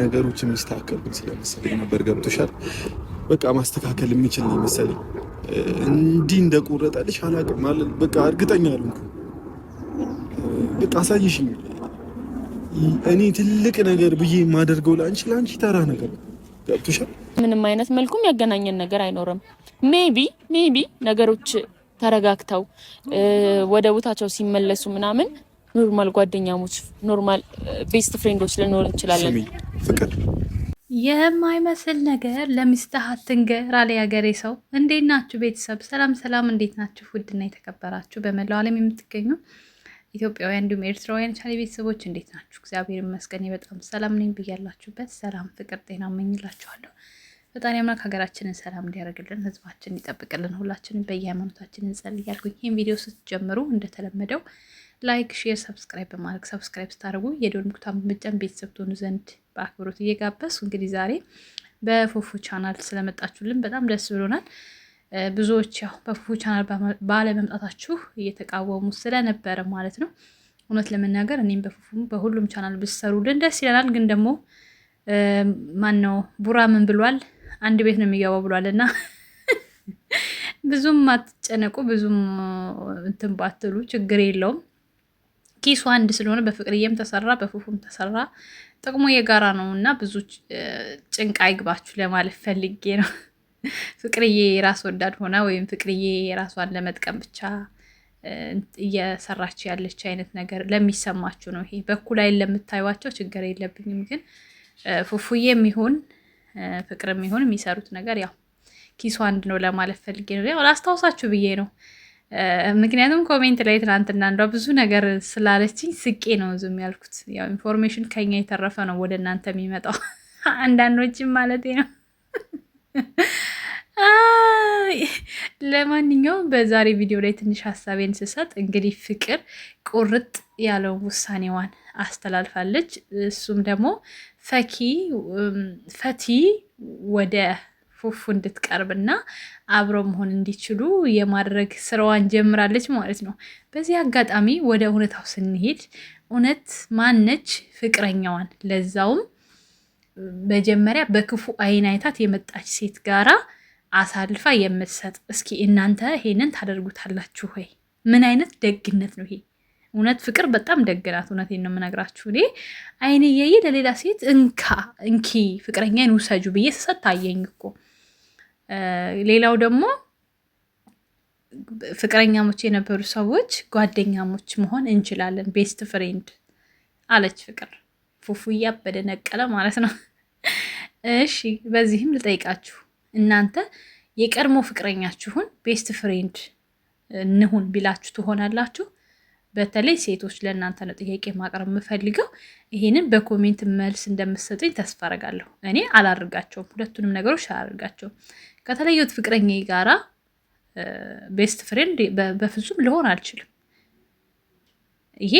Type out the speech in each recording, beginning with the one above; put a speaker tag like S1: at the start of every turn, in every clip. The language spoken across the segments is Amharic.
S1: ነገሮች የሚስተካከሉን ስለመሰለኝ ነበር። ገብቶሻል? በቃ ማስተካከል የሚችል ነው መሰለኝ። እንዲህ እንደቆረጠልሽ አላውቅም ማለት በቃ እርግጠኛ አልሆንኩም። በቃ አሳይሽኝ። እኔ ትልቅ ነገር ብዬ የማደርገው ለአንቺ ለአንቺ ተራ ነገር ገብቶሻል?
S2: ምንም አይነት መልኩም ያገናኘን ነገር አይኖርም። ሜቢ ሜቢ ነገሮች ተረጋግተው ወደ ቦታቸው ሲመለሱ ምናምን ኖርማል ጓደኛሞች፣ ኖርማል ቤስት ፍሬንዶች ልኖር እንችላለን። የማይመስል ነገር ለሚስትህ አትንገር አለ ያገሬ ሰው። እንዴት ናችሁ ቤተሰብ? ሰላም ሰላም፣ እንዴት ናችሁ? ውድና የተከበራችሁ በመላው ዓለም የምትገኙ ኢትዮጵያውያን እንዲሁም ኤርትራውያን ቻሌ ቤተሰቦች እንዴት ናችሁ? እግዚአብሔር ይመስገን በጣም ሰላም ነኝ። ብያላችሁበት ሰላም፣ ፍቅር፣ ጤና እመኝላችኋለሁ። ፈጣሪ አምላክ ሀገራችንን ሰላም እንዲያደርግልን ህዝባችን ይጠብቅልን ሁላችንን በየሃይማኖታችን እንጸልይ ይህን ቪዲዮ ስትጀምሩ እንደተለመደው ላይክ፣ ሼር፣ ሰብስክራይብ በማድረግ ሰብስክራይብ ስታደርጉ የደወል ምልክቱን በመጫን ቤተሰብ ትሆኑ ዘንድ በአክብሮት እየጋበዝኩ እንግዲህ ዛሬ በፉፉ ቻናል ስለመጣችሁልን በጣም ደስ ብሎናል። ብዙዎች ያው በፉፉ ቻናል ባለመምጣታችሁ እየተቃወሙ ስለነበረ ማለት ነው። እውነት ለመናገር እኔም በፉፉም በሁሉም ቻናል ብሰሩልን ደስ ይለናል። ግን ደግሞ ማን ነው ቡራ ምን ብሏል? አንድ ቤት ነው የሚገባው ብሏል እና ብዙም አትጨነቁ፣ ብዙም እንትን ባትሉ ችግር የለውም። ኪሱ አንድ ስለሆነ በፍቅርዬም ተሰራ በፉፉም ተሰራ ጥቅሙ የጋራ ነው እና ብዙ ጭንቅ አይግባችሁ ለማለት ፈልጌ ነው። ፍቅርዬ የራስ ወዳድ ሆና ወይም ፍቅርዬ የራሷን ለመጥቀም ብቻ እየሰራች ያለች አይነት ነገር ለሚሰማችሁ ነው። ይሄ በኩል ላይ ለምታዩቸው ችግር የለብኝም፣ ግን ፉፉዬ የሚሆን ፍቅር የሚሆን የሚሰሩት ነገር ያው ኪሱ አንድ ነው ለማለት ፈልጌ ነው። ያው ላስታውሳችሁ ብዬ ነው። ምክንያቱም ኮሜንት ላይ ትናንትና እንዷ ብዙ ነገር ስላለችኝ ስቄ ነው ዝም ያልኩት። ያው ኢንፎርሜሽን ከኛ የተረፈ ነው ወደ እናንተ የሚመጣው አንዳንዶችም ማለት ነው። ለማንኛውም በዛሬ ቪዲዮ ላይ ትንሽ ሀሳቤን ስሰጥ እንግዲህ ፍቅር ቁርጥ ያለው ውሳኔዋን አስተላልፋለች። እሱም ደግሞ ፈኪ ፈቲ ወደ ፉፉ እንድትቀርብና አብረው መሆን እንዲችሉ የማድረግ ስራዋን ጀምራለች ማለት ነው። በዚህ አጋጣሚ ወደ እውነታው ስንሄድ እውነት ማነች ፍቅረኛዋን ለዛውም መጀመሪያ በክፉ አይን አይታት የመጣች ሴት ጋራ አሳልፋ የምትሰጥ እስኪ እናንተ ይሄንን ታደርጉታላችሁ ወይ? ምን አይነት ደግነት ነው ይሄ? እውነት ፍቅር በጣም ደግ ናት። እውነቴን ነው የምነግራችሁ። እኔ አይን እያየ ለሌላ ሴት እንካ እንኪ ፍቅረኛን ውሰጁ ብዬ ስሰጥ ታየኝ እኮ ሌላው ደግሞ ፍቅረኛሞች የነበሩ ሰዎች ጓደኛሞች መሆን እንችላለን፣ ቤስት ፍሬንድ አለች ፍቅር። ፉፉያ በደነቀለ ማለት ነው። እሺ በዚህም ልጠይቃችሁ፣ እናንተ የቀድሞ ፍቅረኛችሁን ቤስት ፍሬንድ እንሁን ቢላችሁ ትሆናላችሁ? በተለይ ሴቶች ለእናንተ ነው ጥያቄ ማቅረብ የምፈልገው። ይህንን በኮሜንት መልስ እንደምትሰጡኝ ተስፋ አደርጋለሁ። እኔ አላደርጋቸውም፣ ሁለቱንም ነገሮች አላደርጋቸውም። ከተለየሁት ፍቅረኛ ጋራ ቤስት ፍሬንድ በፍጹም ልሆን አልችልም። ይሄ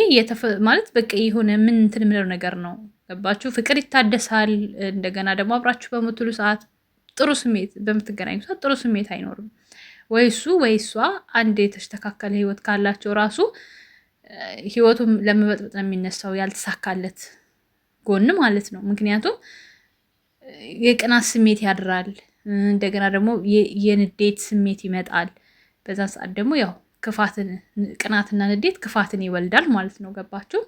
S2: ማለት በቃ የሆነ ምን እንትን የምለው ነገር ነው። ገባችሁ? ፍቅር ይታደሳል። እንደገና ደግሞ አብራችሁ በምትሉ ሰዓት ጥሩ ስሜት በምትገናኙ ሰዓት ጥሩ ስሜት አይኖርም። ወይ እሱ ወይ እሷ አንድ የተስተካከለ ህይወት ካላቸው ራሱ ህይወቱም ለመበጥበጥ ነው የሚነሳው፣ ያልተሳካለት ጎን ማለት ነው። ምክንያቱም የቅናት ስሜት ያድራል። እንደገና ደግሞ የንዴት ስሜት ይመጣል። በዛ ሰዓት ደግሞ ያው ክፋትን ቅናትና ንዴት ክፋትን ይወልዳል ማለት ነው። ገባችሁ?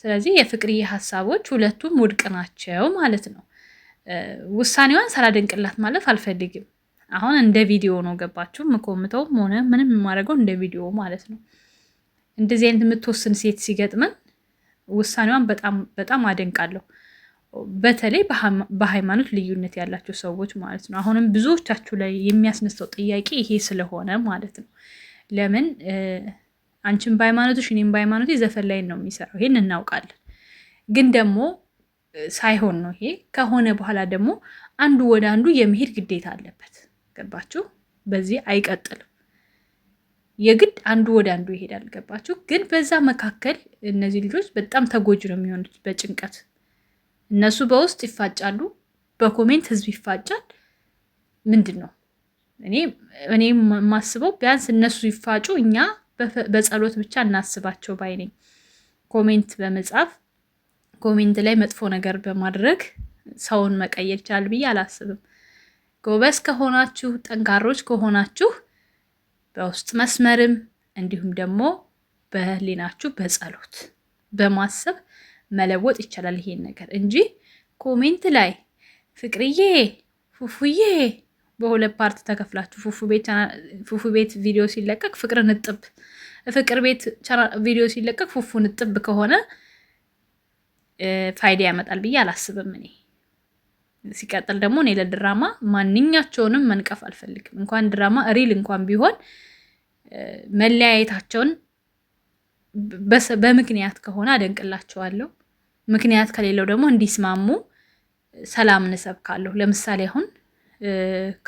S2: ስለዚህ የፍቅርዬ ሀሳቦች ሁለቱም ውድቅ ናቸው ማለት ነው። ውሳኔዋን ሳላደንቅላት ማለፍ አልፈልግም። አሁን እንደ ቪዲዮ ነው ገባችሁ? ምኮምተውም ሆነ ምንም የማደርገው እንደ ቪዲዮ ማለት ነው። እንደዚህ አይነት የምትወስን ሴት ሲገጥመን ውሳኔዋን በጣም በጣም አደንቃለሁ። በተለይ በሃይማኖት ልዩነት ያላቸው ሰዎች ማለት ነው። አሁንም ብዙዎቻችሁ ላይ የሚያስነሳው ጥያቄ ይሄ ስለሆነ ማለት ነው። ለምን አንቺም በሃይማኖቶች እኔም በሃይማኖት ዘፈን ላይ ነው የሚሰራው፣ ይሄን እናውቃለን። ግን ደግሞ ሳይሆን ነው ይሄ ከሆነ በኋላ ደግሞ አንዱ ወደ አንዱ የመሄድ ግዴታ አለበት። ገባችሁ? በዚህ አይቀጥልም። የግድ አንዱ ወደ አንዱ ይሄዳል። ገባችሁ? ግን በዛ መካከል እነዚህ ልጆች በጣም ተጎጂ ነው የሚሆኑት በጭንቀት እነሱ በውስጥ ይፋጫሉ፣ በኮሜንት ህዝብ ይፋጫል። ምንድን ነው እኔ እኔ የማስበው ቢያንስ እነሱ ይፋጩ፣ እኛ በጸሎት ብቻ እናስባቸው ባይ ነኝ። ኮሜንት በመጻፍ ኮሜንት ላይ መጥፎ ነገር በማድረግ ሰውን መቀየር ይቻላል ብዬ አላስብም። ጎበዝ ከሆናችሁ ጠንካሮች ከሆናችሁ በውስጥ መስመርም እንዲሁም ደግሞ በህሊናችሁ በጸሎት በማሰብ መለወጥ ይቻላል ይሄን ነገር እንጂ ኮሜንት ላይ ፍቅርዬ ፉፉዬ በሁለት ፓርት ተከፍላችሁ ፉፉ ቤት ቪዲዮ ሲለቀቅ ፍቅር ንጥብ፣ ፍቅር ቤት ቪዲዮ ሲለቀቅ ፉፉ ንጥብ ከሆነ ፋይዳ ያመጣል ብዬ አላስብም እኔ። ሲቀጥል ደግሞ እኔ ለድራማ ማንኛቸውንም መንቀፍ አልፈልግም። እንኳን ድራማ ሪል እንኳን ቢሆን መለያየታቸውን በምክንያት ከሆነ አደንቅላቸዋለሁ። ምክንያት ከሌለው ደግሞ እንዲስማሙ ሰላም እንሰብካለሁ። ለምሳሌ አሁን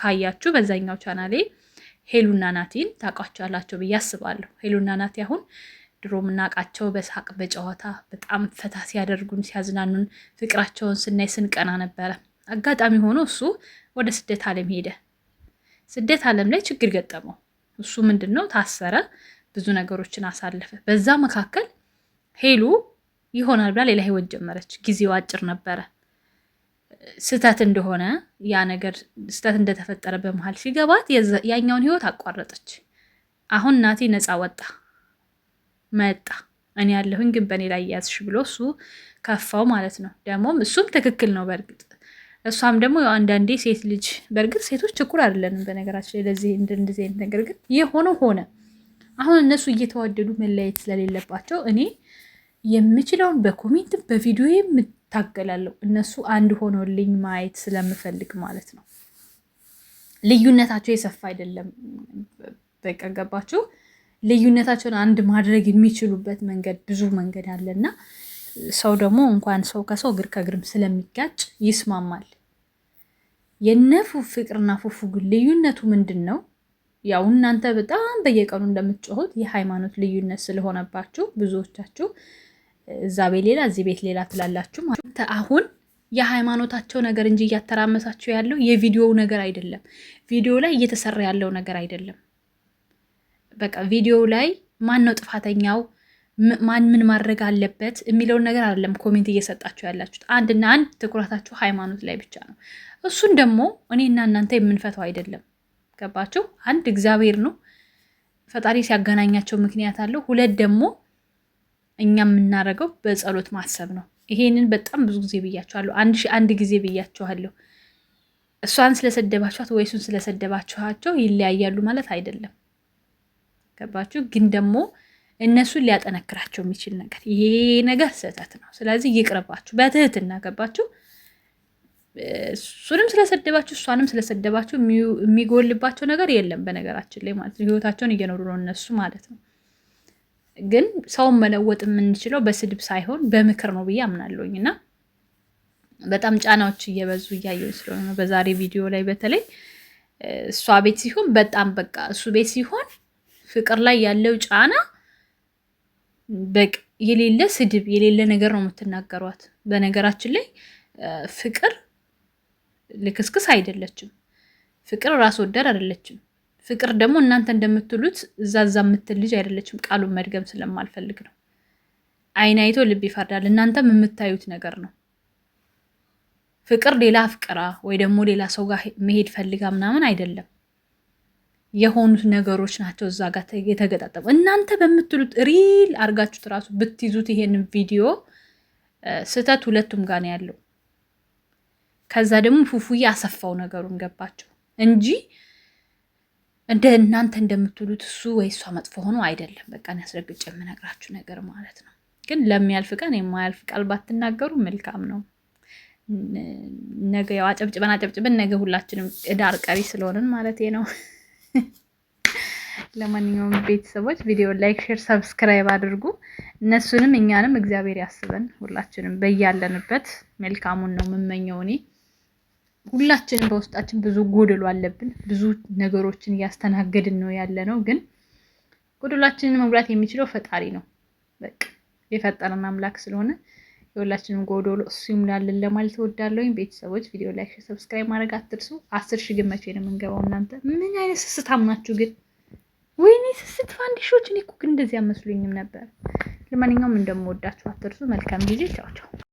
S2: ካያችሁ በዛኛው ቻናሌ ሄሉና ናቲን ታውቋቸዋላቸው ብዬ አስባለሁ። ሄሉና ናቲ አሁን ድሮ የምናውቃቸው በሳቅ በጨዋታ በጣም ፈታ ሲያደርጉን ሲያዝናኑን ፍቅራቸውን ስናይ ስንቀና ነበረ። አጋጣሚ ሆኖ እሱ ወደ ስደት ዓለም ሄደ። ስደት ዓለም ላይ ችግር ገጠመው። እሱ ምንድን ነው ታሰረ፣ ብዙ ነገሮችን አሳለፈ። በዛ መካከል ሄሉ ይሆናል ብላ ሌላ ህይወት ጀመረች። ጊዜው አጭር ነበረ። ስህተት እንደሆነ ያ ነገር ስህተት እንደተፈጠረ በመሀል ሲገባት ያኛውን ህይወት አቋረጠች። አሁን ናቲ ነፃ ወጣ መጣ። እኔ ያለሁኝ ግን በእኔ ላይ ያዝሽ ብሎ እሱ ከፋው ማለት ነው። ደግሞም እሱም ትክክል ነው በእርግጥ እሷም ደግሞ አንዳንዴ ሴት ልጅ በእርግጥ ሴቶች እኩል አይደለንም በነገራችን ላይ ለዚህ እንደዚህ አይነት ነገር ግን የሆነው ሆነ። አሁን እነሱ እየተዋደዱ መለያየት ስለሌለባቸው እኔ የምችለውን በኮሜንት በቪዲዮ የምታገላለው እነሱ አንድ ሆኖልኝ ማየት ስለምፈልግ ማለት ነው። ልዩነታቸው የሰፋ አይደለም። በቃ ገባችሁ? ልዩነታቸውን አንድ ማድረግ የሚችሉበት መንገድ ብዙ መንገድ እና ሰው ደግሞ እንኳን ሰው ከሰው እግር ከእግርም ስለሚጋጭ ይስማማል። የነፉ ፍቅርና ፉፉ ግን ልዩነቱ ምንድን ነው? ያው እናንተ በጣም በየቀኑ እንደምትጮሁት የሃይማኖት ልዩነት ስለሆነባችሁ ብዙዎቻችሁ እዛ ቤት ሌላ እዚህ ቤት ሌላ ትላላችሁ ማለት አሁን የሃይማኖታቸው ነገር እንጂ እያተራመሳቸው ያለው የቪዲዮው ነገር አይደለም። ቪዲዮ ላይ እየተሰራ ያለው ነገር አይደለም። በቃ ቪዲዮ ላይ ማን ነው ጥፋተኛው፣ ማን ምን ማድረግ አለበት የሚለውን ነገር አይደለም ኮሜንት እየሰጣችሁ ያላችሁት። አንድና አንድ ትኩረታችሁ ሃይማኖት ላይ ብቻ ነው። እሱን ደግሞ እኔና እናንተ የምንፈታው አይደለም። ገባችሁ? አንድ እግዚአብሔር ነው ፈጣሪ ሲያገናኛቸው ምክንያት አለው። ሁለት ደግሞ እኛ የምናደርገው በጸሎት ማሰብ ነው። ይሄንን በጣም ብዙ ጊዜ ብያችኋለሁ። አንድ ሺህ አንድ ጊዜ ብያችኋለሁ። እሷን ስለሰደባችኋት ወይ እሱን ስለሰደባችኋቸው ይለያያሉ ማለት አይደለም። ገባችሁ? ግን ደግሞ እነሱን ሊያጠነክራቸው የሚችል ነገር ይሄ ነገር ስህተት ነው፣ ስለዚህ ይቅርባችሁ በትህትና ገባችሁ? እሱንም ስለሰደባችሁ እሷንም ስለሰደባችሁ የሚጎልባቸው ነገር የለም። በነገራችን ላይ ማለት ነው ህይወታቸውን እየኖሩ ነው እነሱ ማለት ነው። ግን ሰውን መለወጥ የምንችለው በስድብ ሳይሆን በምክር ነው ብዬ አምናለሁኝ እና በጣም ጫናዎች እየበዙ እያየሁኝ ስለሆነ በዛሬ ቪዲዮ ላይ በተለይ እሷ ቤት ሲሆን በጣም በቃ እሱ ቤት ሲሆን ፍቅር ላይ ያለው ጫና በቅ የሌለ ስድብ የሌለ ነገር ነው የምትናገሯት። በነገራችን ላይ ፍቅር ልክስክስ አይደለችም። ፍቅር ራስ ወደድ አይደለችም። ፍቅር ደግሞ እናንተ እንደምትሉት እዛ እዛ የምትል ልጅ አይደለችም። ቃሉን መድገም ስለማልፈልግ ነው። አይን አይቶ ልብ ይፈርዳል። እናንተም የምታዩት ነገር ነው። ፍቅር ሌላ አፍቅራ ወይ ደግሞ ሌላ ሰው ጋር መሄድ ፈልጋ ምናምን አይደለም። የሆኑት ነገሮች ናቸው እዛ ጋር የተገጣጠሙ። እናንተ በምትሉት ሪል አርጋችሁት ራሱ ብትይዙት ይሄን ቪዲዮ ስህተት ሁለቱም ጋር ነው ያለው። ከዛ ደግሞ ፉፉዬ አሰፋው ነገሩን ገባቸው እንጂ እንደ እናንተ እንደምትሉት እሱ ወይ እሷ መጥፎ ሆኖ አይደለም። በቃ ያስረግጭ የምነግራችሁ ነገር ማለት ነው። ግን ለሚያልፍ ቀን የማያልፍ ቃል ባትናገሩ መልካም ነው። ነገ ያው አጨብጭበን አጨብጭበን ነገ ሁላችንም እዳር ቀሪ ስለሆንን ማለት ነው። ለማንኛውም ቤተሰቦች ቪዲዮ ላይክ፣ ሼር፣ ሰብስክራይብ አድርጉ። እነሱንም እኛንም እግዚአብሔር ያስበን። ሁላችንም በያለንበት መልካሙን ነው የምመኘው እኔ ሁላችንም በውስጣችን ብዙ ጎደሎ አለብን። ብዙ ነገሮችን እያስተናገድን ነው ያለ ነው። ግን ጎደሏችንን መሙላት የሚችለው ፈጣሪ ነው። በቃ የፈጠረን አምላክ ስለሆነ የሁላችንም ጎደሎ እሱ ይሙላልን ለማለት እወዳለሁ። ቤተሰቦች ቪዲዮ ላይክ፣ ሰብስክራይብ ማድረግ አትርሱ። አስር ሺህ ግን መቼ ነው የምንገባው? እናንተ ምን አይነት ስስታም ናችሁ ግን? ወይኔ ስስት ፋንዲሾች! እኔ እኮ ግን እንደዚህ አመስሉኝም ነበር። ለማንኛውም እንደምወዳችሁ አትርሱ። መልካም ጊዜ። ቻው ቻው።